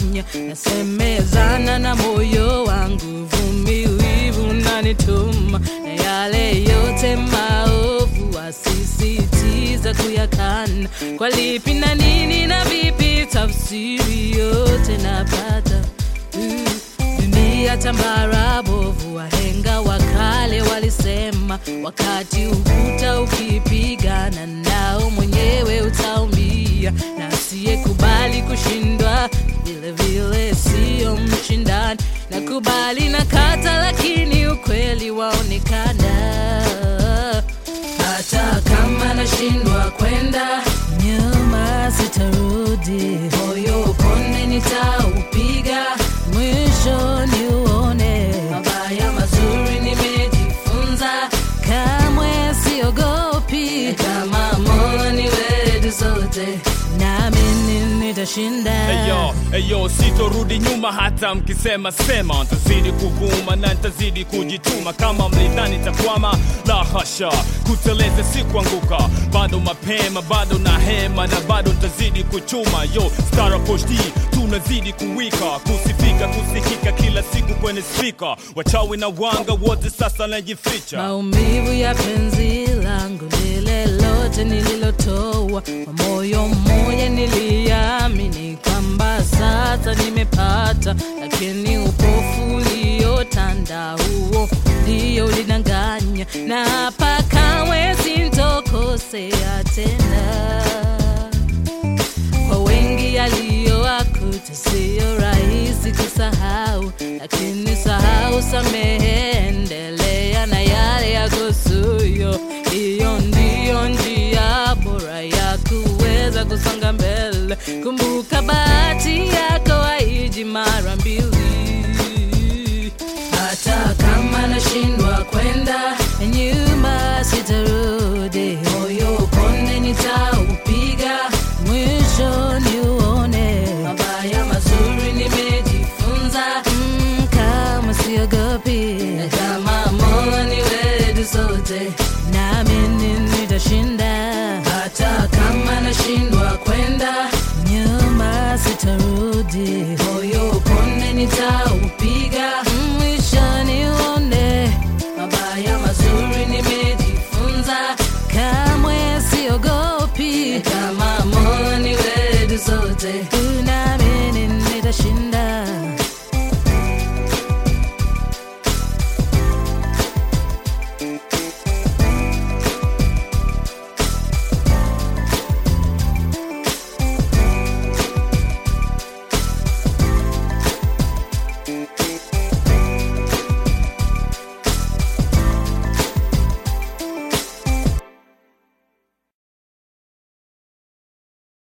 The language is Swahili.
kufanya. Nasemezana na moyo wangu, vumilivu nanituma, na yale yote maovu wasisitiza kuyakana. Kwa lipi na nini na vipi, tafsiri yote napata Dunia tambara bovu, wahenga wakale walisema, wakati ukuta ukipigana nao mwenyewe utaumia, na asiyekubali kushinda vile vile sio mshindani, nakubali na kata, lakini ukweli waone zote naamini nitashinda. Eyo, eyo, sitorudi nyuma hata mkisema sema, ntazidi kuguma na ntazidi kujituma. Kama mlidhani takwama, la hasha, kuteleza si kuanguka. Bado mapema, bado na hema na bado ntazidi kuchuma. Yo, Stara Poshdi tunazidi kuwika, kusifika, kusikika kila siku kwenye spika. Wachawi na wanga wote sasa najificha, maumivu ya penzi langu lilele lote nililotoa kwa moyo mmoja, niliamini kwamba sasa nimepata, lakini upofu uliotanda huo ndio ulinanganya, na hapa kamwe sintokosea tena. Kwa wengi yaliyoakuta siyo rahisi kusahau, lakini sahau, samehe, endelea Kumbuka bahati yako haiji mara mbili, hata kama nashindwa kwenda nyuma, sitarudi moyo konde nitaupiga mwisho ni uone mabaya mazuri nimejifunza, mm, kama siogopi na kama Mola ni wetu sote, namini nitashinda hata kama nashindwa kwenda